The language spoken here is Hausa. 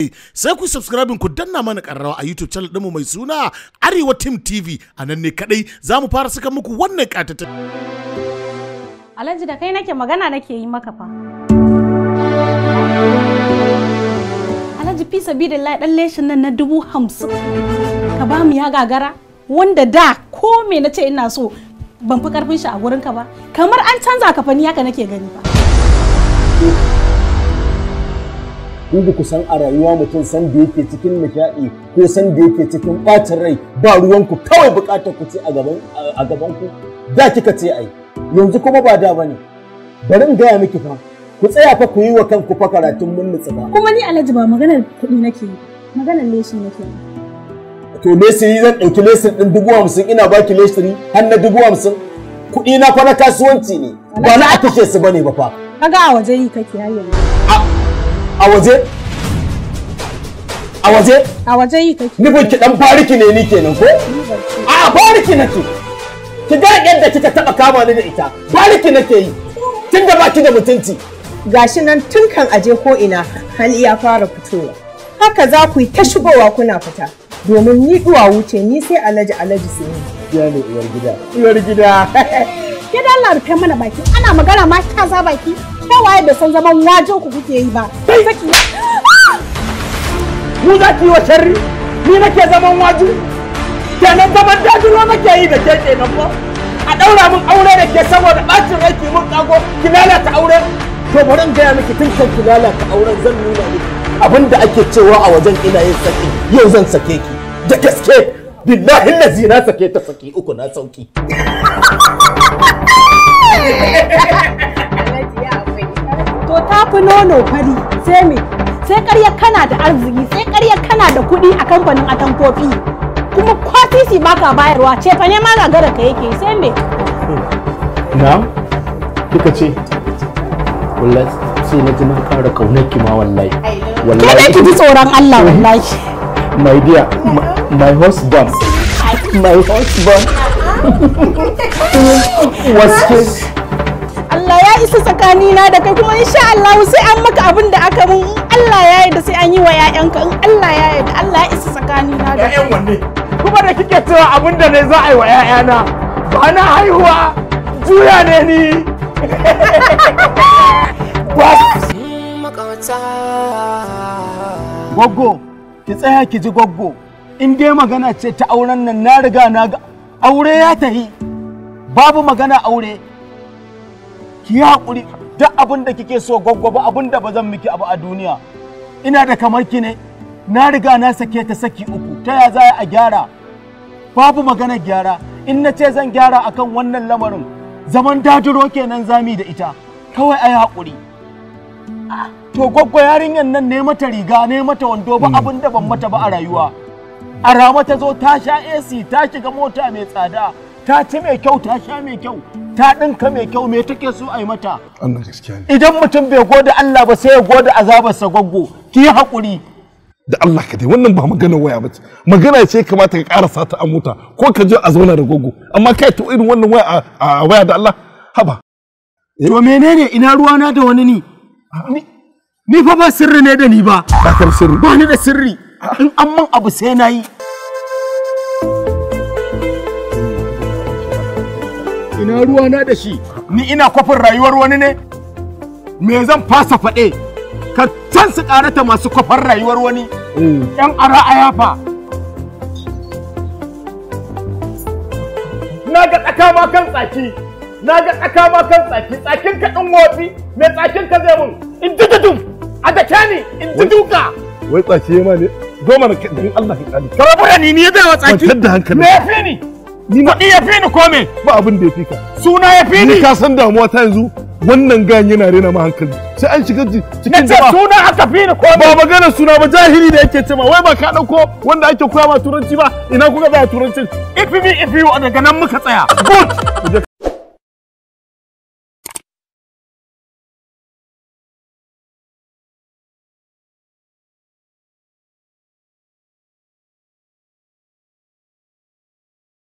Eh, sai ku subscribe ku danna mana karrawa a YouTube channel ɗinmu mai suna Arewa Team TV a nan ne kadai za mu fara saka muku wannan katata. Alhaji da kai nake magana nake yi maka fa. Alhaji fi sabidillahi dan leshin nan na dubu hamsin ka ba mu ya gagara wanda da ko me na ce ina so ban fi karfin shi a ka ba kamar an canza ka haka nake gani ba. ku ba ku san a rayuwa mutum san da yake cikin nishaɗi ko san da yake cikin ɓacin rai ba ruwanku kawai buƙatar ku ce a gaban ku da kika ce ai yanzu kuma ba da bane bari in gaya miki fa ku tsaya fa ku yi wa kanku fa karatun mun nutsu ba kuma ni alhaji ba maganar kuɗi nake yi maganar leshi nake yi to lesiri zan ɗauki lesir ɗin dubu hamsin ina baki lesiri har na dubu hamsin kuɗi na fa na kasuwanci ne ba na a kashe su bane ba fa kaga a waje yi kake har yanzu a waje a waje a waje yi take nufin ki dan fariki ne ni kenan ko a fariki nake ki ga yadda kika taba kama ni da ita fariki nake yi tun da baki da mutunci gashi nan tun kan aje ko ina hali ya fara fitowa haka za ku yi ta shigowa kuna fita domin ni duwa wuce ni sai alaji alaji sai ni ya ne uwar gida uwar gida gidan larfe mana baki ana magana ma ta za baki waye bai san zaman wajen ku kuke yi ba. Mu za ki wa sharri? Ni nake zaman waju? Kenan zaman dajiro nake yi da ke nan ba? A ɗaura min aure da ke saboda ɓacin rai ki mun ƙago ki lalata aure? To bari in gaya miki tun kan ki lalata auren zan nuna miki. Abin da ake cewa a wajen ilayen saki yau zan sake ki. Da gaske billahi lazi zina sake ta saki uku na sauki. to tafi nono fari sai me sai ƙarya kana da arziki sai ƙarya kana da kuɗi a kamfanin atankofi kuma kwatisi baka bayarwa ce fa ma gagara ka yake sai me na kika ce wallahi sai na ji na fara kaunar ki ma wallahi wallahi ki ji tsoron Allah wallahi my dear my husband my husband was his isa tsakanina da kai kuma insha Allah sai an maka abin da aka mun in Allah ya yarda sai an yi wa ƴaƴanka in Allah ya yarda Allah ya isa tsakanina da ƴaƴan wanne kuma da kike cewa abin da ne za a yi wa ƴaƴana ba na haihuwa juya ne ni Gwaggo, ki tsaya ki ji gwaggo, in dai magana ce ta auren nan na riga na ga aure ya tahi, babu magana aure, ki yi haƙuri duk abin da kike so gwaggwaba abin da ba zan miki abu a duniya ina da kamar ki ne na riga na sake ta saki uku ta ya za a gyara babu magana gyara in na ce zan gyara akan wannan lamarin zaman dadiro kenan zami da ita kawai a yi haƙuri to gwaggwa yarinyar nan ne mata riga ne mata wando ba hmm. abin da ban mata ba a rayuwa a rama ta zo ta sha ac ta shiga mota mai tsada ta ci mai kyau ta sha mai kyau ta ɗinka mai kyau me take so a yi mata Allah gaskiya ne idan mutum bai gode Allah ba sai ya gode azabarsa goggo ki yi haƙuri da Allah ka dai wannan ba magana waya ba ce magana ce kamata ka karasa ta amuta ko ka je a zauna da gogo amma kai ta irin wannan waya a waya da Allah haba eh? to menene ina ruwana da wani ni ni fa ba sirri ne da ni ba ba sirri ba ni da sirri in an abu sai nayi ina ruwa na da shi ni ina kwafin rayuwar wani ne me zan fasa faɗe ka can su ƙarata masu kwafin rayuwar wani ɗan mm. ara a yafa na ga tsaka ma kan tsaki na ga tsaka ma kan tsaki tsakin ka ɗin wofi me tsakin ka zai mun in ji dudum a da ni in ji duka wai tsaki ma ne zo mana Allah ka kani ka rabu da ni ne ya zai wa tsaki me ya fi ni kuɗi ya fi ni kome ba abin da ya fi ka suna ya fi ni ka san damuwa ta yanzu wannan gan yana rena ma hankali sai an shiga cikin jama'a suna aka fi ni kome ba magana suna ba jahili da yake cewa wai ba ka dauko wanda ake koya ma turanci ba ina kuka ba turancin ifi me ifi wa daga nan muka tsaya good